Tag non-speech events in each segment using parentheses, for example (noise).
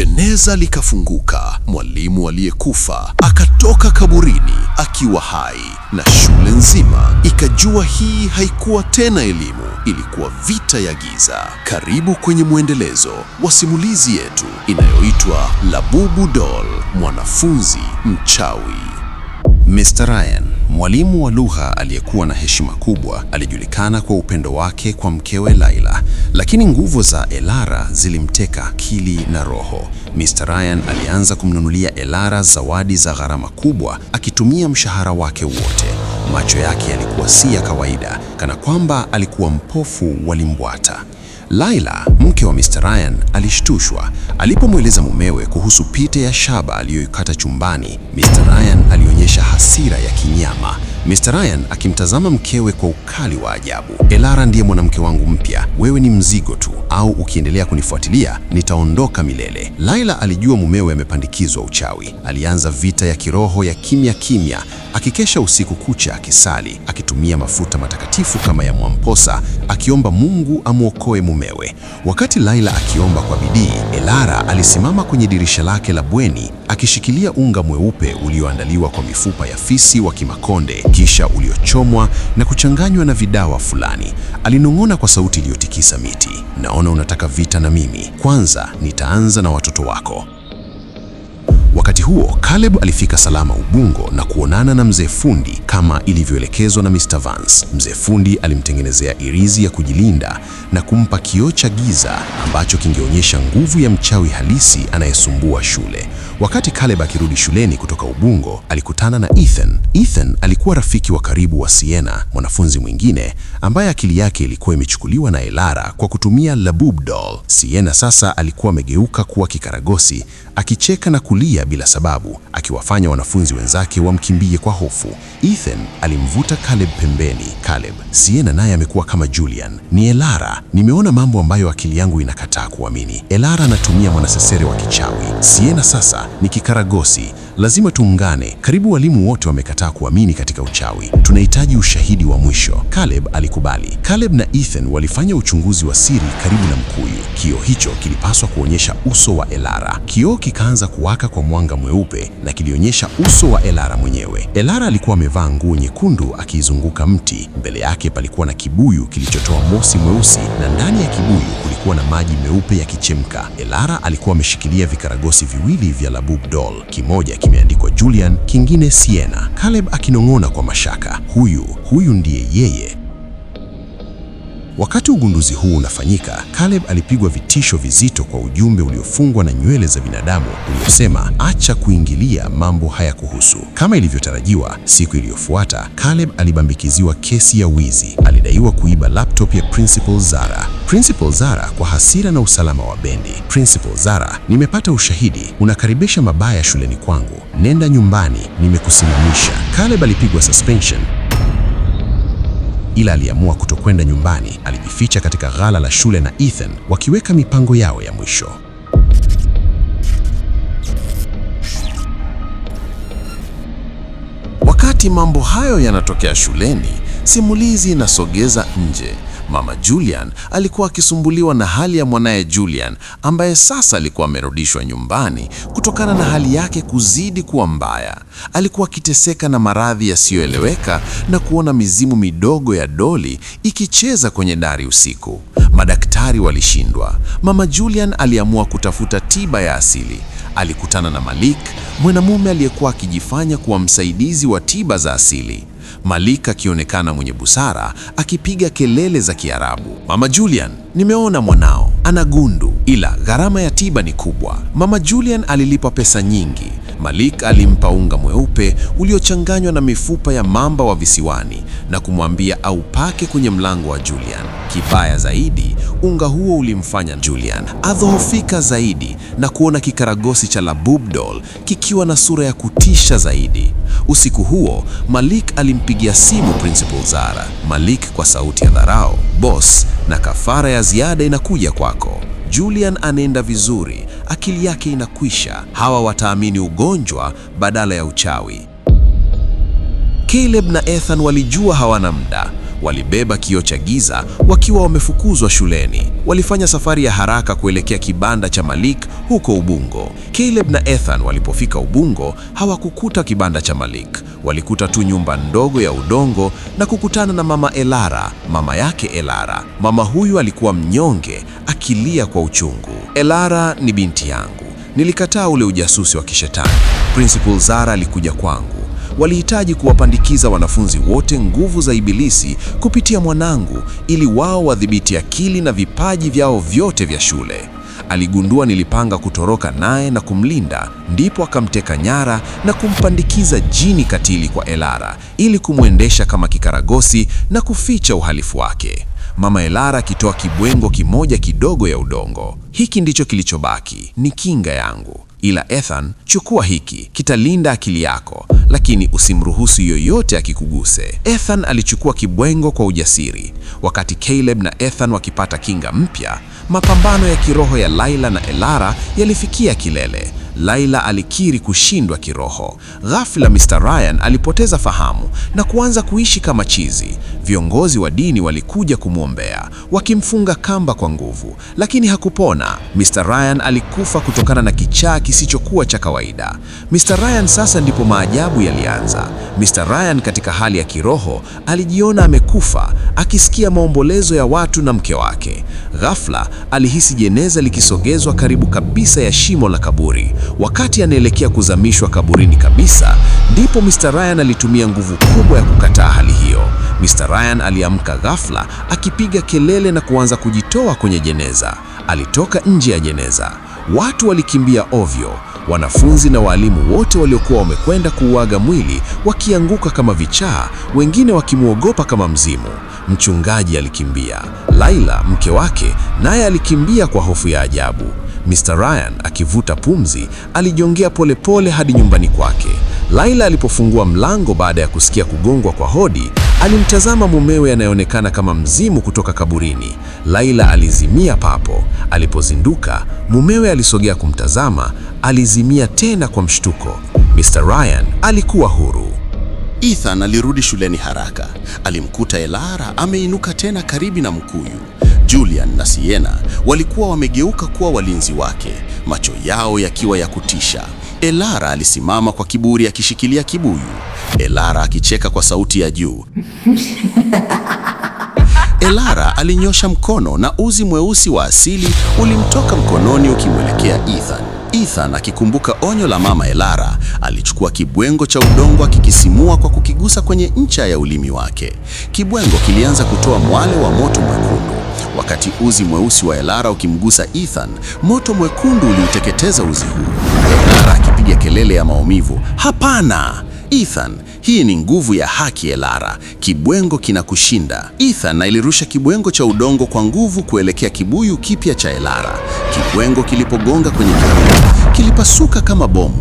jeneza likafunguka, mwalimu aliyekufa akatoka kaburini akiwa hai, na shule nzima ikajua hii haikuwa tena elimu, ilikuwa vita ya giza. Karibu kwenye mwendelezo wa simulizi yetu inayoitwa Labubu Doll, mwanafunzi mchawi. Mr. Ryan Mwalimu wa lugha aliyekuwa na heshima kubwa alijulikana kwa upendo wake kwa mkewe Laila, lakini nguvu za Elara zilimteka akili na roho. Mr. Ryan alianza kumnunulia Elara zawadi za gharama kubwa akitumia mshahara wake wote. Macho yake yalikuwa si ya kawaida, kana kwamba alikuwa mpofu, walimbwata. Laila, mke wa Mr. Ryan, alishtushwa alipomweleza mumewe kuhusu pete ya shaba aliyoikata chumbani. Mr. Ryan alionyesha hasira ya kinyama, Mr. Ryan akimtazama mkewe kwa ukali wa ajabu. Elara ndiye mwanamke wangu mpya, wewe ni mzigo tu, au ukiendelea kunifuatilia nitaondoka milele. Laila alijua mumewe amepandikizwa uchawi. Alianza vita ya kiroho ya kimya kimya, akikesha usiku kucha akisali, akitumia mafuta matakatifu kama ya Mwamposa akiomba Mungu amwokoe mumewe. Wakati Laila akiomba kwa bidii, Elara alisimama kwenye dirisha lake la bweni akishikilia unga mweupe ulioandaliwa kwa mifupa ya fisi wa Kimakonde, kisha uliochomwa na kuchanganywa na vidawa fulani. Alinong'ona kwa sauti iliyotikisa miti, naona unataka vita na mimi. Kwanza nitaanza na watoto wako. Wakati huo Caleb alifika salama Ubungo na kuonana na mzee fundi kama ilivyoelekezwa na Mr. Vance, mzee fundi alimtengenezea irizi ya kujilinda na kumpa kioo cha giza ambacho kingeonyesha nguvu ya mchawi halisi anayesumbua shule. Wakati Caleb akirudi shuleni kutoka Ubungo, alikutana na Ethan. Ethan alikuwa rafiki wa karibu wa Sienna, mwanafunzi mwingine ambaye akili yake ilikuwa imechukuliwa na Elara kwa kutumia Labub doll. Sienna sasa alikuwa amegeuka kuwa kikaragosi, akicheka na kulia bila sababu, akiwafanya wanafunzi wenzake wamkimbie kwa hofu. Ethan Ethan alimvuta Caleb pembeni. Caleb, Sienna naye amekuwa kama Julian. Ni Elara, nimeona mambo ambayo akili yangu inakataa kuamini. Elara anatumia mwanasesere wa kichawi. Sienna sasa ni kikaragosi lazima tuungane. Karibu walimu wote wamekataa kuamini katika uchawi. Tunahitaji ushahidi wa mwisho. Caleb alikubali. Caleb na Ethan walifanya uchunguzi wa siri karibu na mkuyu. Kioo hicho kilipaswa kuonyesha uso wa Elara. Kioo kikaanza kuwaka kwa mwanga mweupe na kilionyesha uso wa Elara mwenyewe. Elara alikuwa amevaa nguo nyekundu akiizunguka mti. Mbele yake palikuwa na kibuyu kilichotoa mosi mweusi na ndani ya kibuyu kulikuwa na maji meupe yakichemka. Elara alikuwa ameshikilia vikaragosi viwili vya Labub Doll, kimoja kimeandikwa Julian, kingine siena Caleb akinong'ona kwa mashaka, huyu huyu ndiye yeye. Wakati ugunduzi huu unafanyika, Caleb alipigwa vitisho vizito kwa ujumbe uliofungwa na nywele za binadamu uliosema, acha kuingilia mambo haya kuhusu. Kama ilivyotarajiwa, siku iliyofuata Caleb alibambikiziwa kesi ya wizi. Alidaiwa kuiba laptop ya Principal Zara. Principal Zara kwa hasira na usalama wa bendi. Principal Zara, nimepata ushahidi unakaribisha mabaya shuleni kwangu, nenda nyumbani, nimekusimamisha. Caleb alipigwa suspension ila aliamua kutokwenda nyumbani. Alijificha katika ghala la shule na Ethan wakiweka mipango yao ya mwisho. Wakati mambo hayo yanatokea shuleni, simulizi inasogeza nje. Mama Julian alikuwa akisumbuliwa na hali ya mwanaye Julian ambaye sasa alikuwa amerudishwa nyumbani kutokana na hali yake kuzidi kuwa mbaya. Alikuwa akiteseka na maradhi yasiyoeleweka na kuona mizimu midogo ya doli ikicheza kwenye dari usiku. Madaktari walishindwa. Mama Julian aliamua kutafuta tiba ya asili. Alikutana na Malik, mwanamume aliyekuwa akijifanya kuwa msaidizi wa tiba za asili. Malik akionekana mwenye busara, akipiga kelele za Kiarabu. Mama Julian, nimeona mwanao ana gundu, ila gharama ya tiba ni kubwa. Mama Julian alilipa pesa nyingi. Malik alimpa unga mweupe uliochanganywa na mifupa ya mamba wa visiwani na kumwambia aupake kwenye mlango wa Julian. Kibaya zaidi, unga huo ulimfanya Julian adhoofika zaidi na kuona kikaragosi cha Labubdol kikiwa na sura ya kutisha zaidi. Usiku huo Malik alimpigia simu Principal Zara. Malik kwa sauti ya dharau, boss, na kafara ya ziada inakuja kwako. Julian anaenda vizuri, akili yake inakwisha. Hawa wataamini ugonjwa badala ya uchawi. Caleb na Ethan walijua hawana muda. Walibeba kio cha giza wakiwa wamefukuzwa shuleni. Walifanya safari ya haraka kuelekea kibanda cha Malik huko Ubungo. Caleb na Ethan walipofika Ubungo, hawakukuta kibanda cha Malik. Walikuta tu nyumba ndogo ya udongo na kukutana na mama Elara, mama yake Elara. Mama huyu alikuwa mnyonge, akilia kwa uchungu. Elara, ni binti yangu. Nilikataa ule ujasusi wa kishetani. Principal Zara alikuja kwangu walihitaji kuwapandikiza wanafunzi wote nguvu za Ibilisi kupitia mwanangu ili wao wadhibiti akili na vipaji vyao vyote vya shule. Aligundua nilipanga kutoroka naye na kumlinda, ndipo akamteka nyara na kumpandikiza jini katili kwa Elara ili kumwendesha kama kikaragosi na kuficha uhalifu wake. Mama Elara akitoa kibwengo kimoja kidogo ya udongo. Hiki ndicho kilichobaki, ni kinga yangu. Ila Ethan, chukua hiki, kitalinda akili yako lakini usimruhusu yoyote akikuguse. Ethan alichukua kibwengo kwa ujasiri. Wakati Caleb na Ethan wakipata kinga mpya, mapambano ya kiroho ya Laila na Elara yalifikia kilele. Laila alikiri kushindwa kiroho. Ghafla Mr. Ryan alipoteza fahamu na kuanza kuishi kama chizi. Viongozi wa dini walikuja kumwombea, wakimfunga kamba kwa nguvu, lakini hakupona. Mr. Ryan alikufa kutokana na kichaa kisichokuwa cha kawaida. Mr. Ryan sasa ndipo maajabu yalianza. Mr. Ryan katika hali ya kiroho alijiona amekufa, akisikia maombolezo ya watu na mke wake. Ghafla alihisi jeneza likisogezwa karibu kabisa ya shimo la kaburi. Wakati anaelekea kuzamishwa kaburini kabisa, ndipo Mr. Ryan alitumia nguvu kubwa ya kukataa hali hiyo. Mr. Ryan aliamka ghafla akipiga kelele na kuanza kujitoa kwenye jeneza. Alitoka nje ya jeneza. Watu walikimbia ovyo. Wanafunzi na waalimu wote waliokuwa wamekwenda kuuaga mwili wakianguka kama vichaa, wengine wakimwogopa kama mzimu. Mchungaji alikimbia, Laila mke wake naye alikimbia kwa hofu ya ajabu. Mr. Ryan akivuta pumzi, alijongea polepole hadi nyumbani kwake. Laila alipofungua mlango baada ya kusikia kugongwa kwa hodi, Alimtazama mumewe anayeonekana kama mzimu kutoka kaburini. Laila alizimia papo. Alipozinduka, mumewe alisogea kumtazama, alizimia tena kwa mshtuko. Mr. Ryan alikuwa huru. Ethan alirudi shuleni haraka. Alimkuta Elara ameinuka tena karibu na mkuyu. Julian na siena walikuwa wamegeuka kuwa walinzi wake, macho yao yakiwa ya kutisha. Elara alisimama kwa kiburi akishikilia kibuyu, Elara akicheka kwa sauti ya juu. (laughs) Elara alinyosha mkono na uzi mweusi wa asili ulimtoka mkononi ukimwelekea Ethan. Ethan akikumbuka onyo la mama Elara, alichukua kibwengo cha udongo akikisimua kwa kukigusa kwenye ncha ya ulimi wake. Kibwengo kilianza kutoa mwale wa moto mwekundu. Wakati uzi mweusi wa Elara ukimgusa Ethan, moto mwekundu uliuteketeza uzi huu, Elara akipiga kelele ya maumivu. Hapana Ethan, hii ni nguvu ya haki Elara, kibwengo kinakushinda. Ethan alirusha kibwengo cha udongo kwa nguvu kuelekea kibuyu kipya cha Elara. Kibwengo kilipogonga kwenye kibuyu, kilipasuka kama bomu.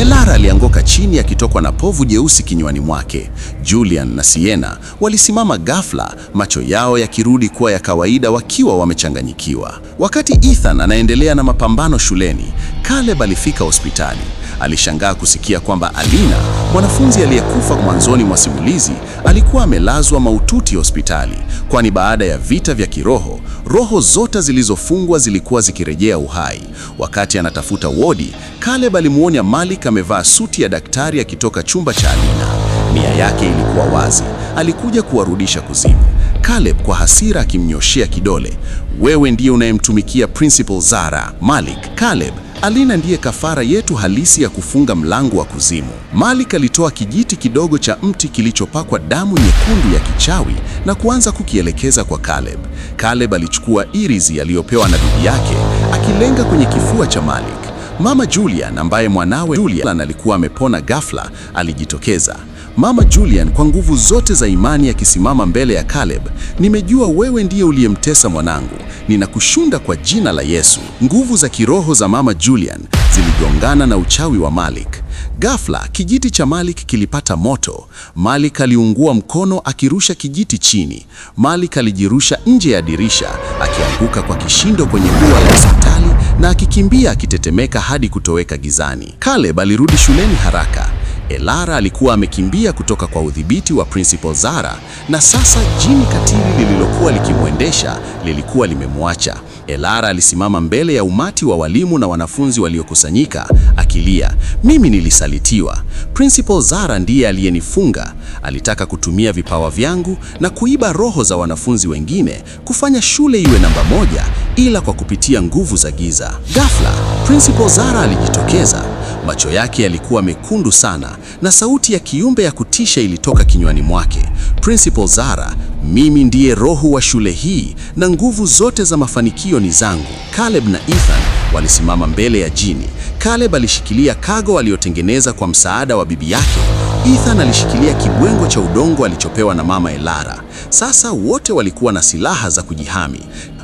Elara alianguka chini akitokwa na povu jeusi kinywani mwake. Julian na siena walisimama ghafla, macho yao yakirudi kuwa ya kawaida wakiwa wamechanganyikiwa. Wakati Ethan anaendelea na mapambano shuleni, Caleb alifika hospitali. Alishangaa kusikia kwamba Alina, mwanafunzi aliyekufa mwanzoni mwa simulizi, alikuwa amelazwa maututi hospitali, kwani baada ya vita vya kiroho Roho zote zilizofungwa zilikuwa zikirejea uhai. Wakati anatafuta wodi, Caleb alimuonya Malik amevaa suti ya daktari akitoka chumba cha Alina. Nia yake ilikuwa wazi, alikuja kuwarudisha kuzimu. Caleb kwa hasira akimnyoshea kidole, wewe ndiye unayemtumikia Principal Zara. Malik, Caleb Alina ndiye kafara yetu halisi ya kufunga mlango wa kuzimu. Malik alitoa kijiti kidogo cha mti kilichopakwa damu nyekundu ya kichawi na kuanza kukielekeza kwa Caleb. Caleb alichukua irizi aliyopewa na bibi yake, akilenga kwenye kifua cha Malik. Mama Julian ambaye mwanawe Julian alikuwa amepona ghafla alijitokeza. Mama Julian kwa nguvu zote za imani akisimama mbele ya Caleb, nimejua wewe ndiye uliyemtesa mwanangu, ninakushunda kwa jina la Yesu. Nguvu za kiroho za Mama Julian ziligongana na uchawi wa Malik. Ghafla kijiti cha Malik kilipata moto. Malik aliungua mkono akirusha kijiti chini. Malik alijirusha nje ya dirisha akianguka kwa kishindo kwenye ua la hospitali na akikimbia akitetemeka hadi kutoweka gizani. Caleb alirudi shuleni haraka. Elara alikuwa amekimbia kutoka kwa udhibiti wa Principal Zara na sasa jini katili lililokuwa likimwendesha lilikuwa limemwacha. Elara alisimama mbele ya umati wa walimu na wanafunzi waliokusanyika akilia, mimi nilisalitiwa. Principal Zara ndiye aliyenifunga. Alitaka kutumia vipawa vyangu na kuiba roho za wanafunzi wengine kufanya shule iwe namba moja, ila kwa kupitia nguvu za giza. Ghafla, Principal Zara alijitokeza Macho yake yalikuwa mekundu sana na sauti ya kiumbe ya kutisha ilitoka kinywani mwake. Principal Zara, mimi ndiye roho wa shule hii na nguvu zote za mafanikio ni zangu. Caleb na Ethan walisimama mbele ya jini. Caleb alishikilia kago aliyotengeneza kwa msaada wa bibi yake. Ethan alishikilia kibwengo cha udongo alichopewa na mama Elara. Sasa wote walikuwa na silaha za kujihami.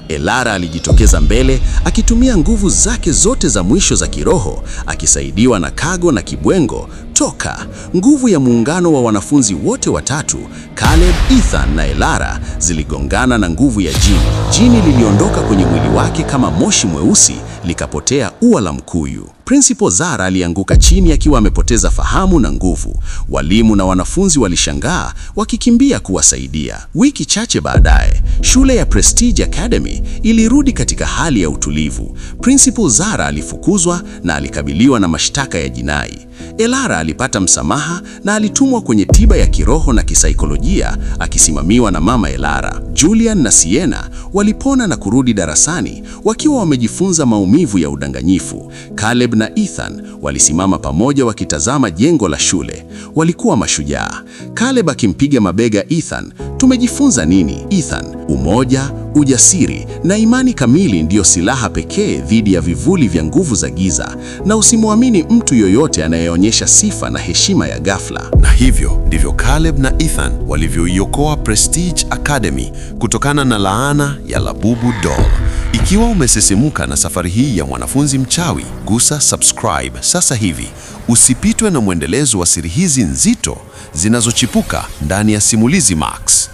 Elara alijitokeza mbele akitumia nguvu zake zote za mwisho za kiroho, akisaidiwa na Kago na Kibwengo toka. Nguvu ya muungano wa wanafunzi wote watatu, Caleb, Ethan na Elara, ziligongana na nguvu ya jini. Jini liliondoka kwenye mwili wake kama moshi mweusi likapotea ua la mkuyu. Principal Zara alianguka chini akiwa amepoteza fahamu na nguvu. Walimu na wanafunzi walishangaa wakikimbia kuwasaidia. Wiki chache baadaye, shule ya Prestige Academy ilirudi katika hali ya utulivu. Principal Zara alifukuzwa na alikabiliwa na mashtaka ya jinai. Elara alipata msamaha na alitumwa kwenye tiba ya kiroho na kisaikolojia akisimamiwa na mama Elara. Julian na siena walipona na kurudi darasani wakiwa wamejifunza maumivu ya udanganyifu. Caleb na Ethan walisimama pamoja wakitazama jengo la shule. Walikuwa mashujaa. Caleb akimpiga mabega Ethan, tumejifunza nini? Ethan, umoja Ujasiri na imani kamili ndiyo silaha pekee dhidi ya vivuli vya nguvu za giza, na usimwamini mtu yoyote anayeonyesha sifa na heshima ya ghafla. Na hivyo ndivyo Caleb na Ethan walivyoiokoa Prestige Academy kutokana na laana ya Labubu Doll. Ikiwa umesisimuka na safari hii ya mwanafunzi mchawi, gusa subscribe sasa hivi. Usipitwe na mwendelezo wa siri hizi nzito zinazochipuka ndani ya Simulizi Max.